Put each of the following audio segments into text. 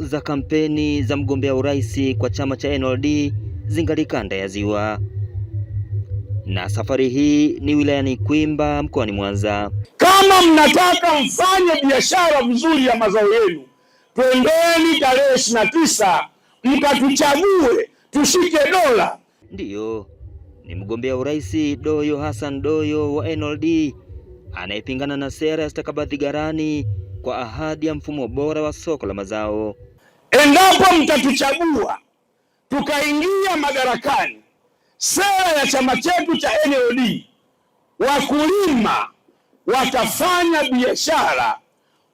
za kampeni za mgombea urais kwa chama cha NLD zingali kanda ya Ziwa, na safari hii ni wilayani Kwimba mkoani Mwanza. Kama mnataka mfanye biashara vizuri ya mazao yenu, twendeni tarehe ishirini na tisa mkatuchague tushike dola. Ndiyo, ni mgombea urais Doyo Hassan Doyo wa NLD anayepingana na sera ya stakabadhi garani kwa ahadi ya mfumo bora wa soko la mazao. Endapo mtatuchagua tukaingia madarakani, sera ya chama chetu cha NLD, wakulima watafanya biashara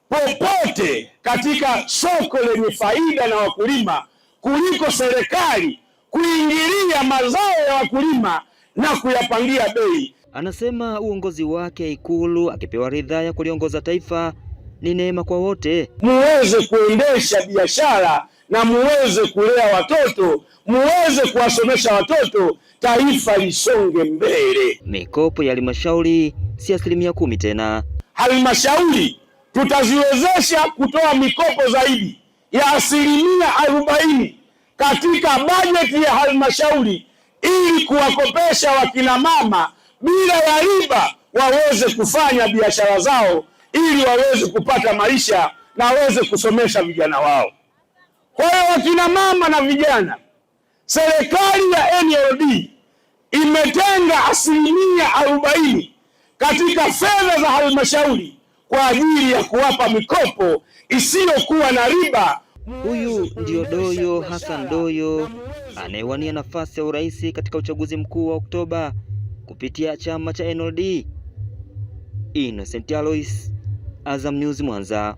popote katika soko lenye faida na wakulima kuliko serikali kuingilia mazao ya wakulima na kuyapangia bei. Anasema uongozi wake Ikulu akipewa ridhaa ya kuliongoza taifa ni neema kwa wote, muweze kuendesha biashara na muweze kulea watoto, muweze kuwasomesha watoto, taifa lisonge mbele. Mikopo ya halmashauri si asilimia kumi tena. Halmashauri tutaziwezesha kutoa mikopo zaidi ya asilimia arobaini katika bajeti ya halmashauri ili kuwakopesha wakinamama bila ya riba waweze kufanya biashara zao ili waweze kupata maisha na waweze kusomesha vijana wao. Kwa hiyo wakina mama na vijana, serikali ya NLD imetenga asilimia arobaini katika fedha za halmashauri kwa ajili ya kuwapa mikopo isiyokuwa na riba. Huyu ndio Doyo Hassan Doyo anayewania nafasi ya urais katika uchaguzi mkuu wa Oktoba kupitia chama cha NLD. Innocent Alois azam news mwanza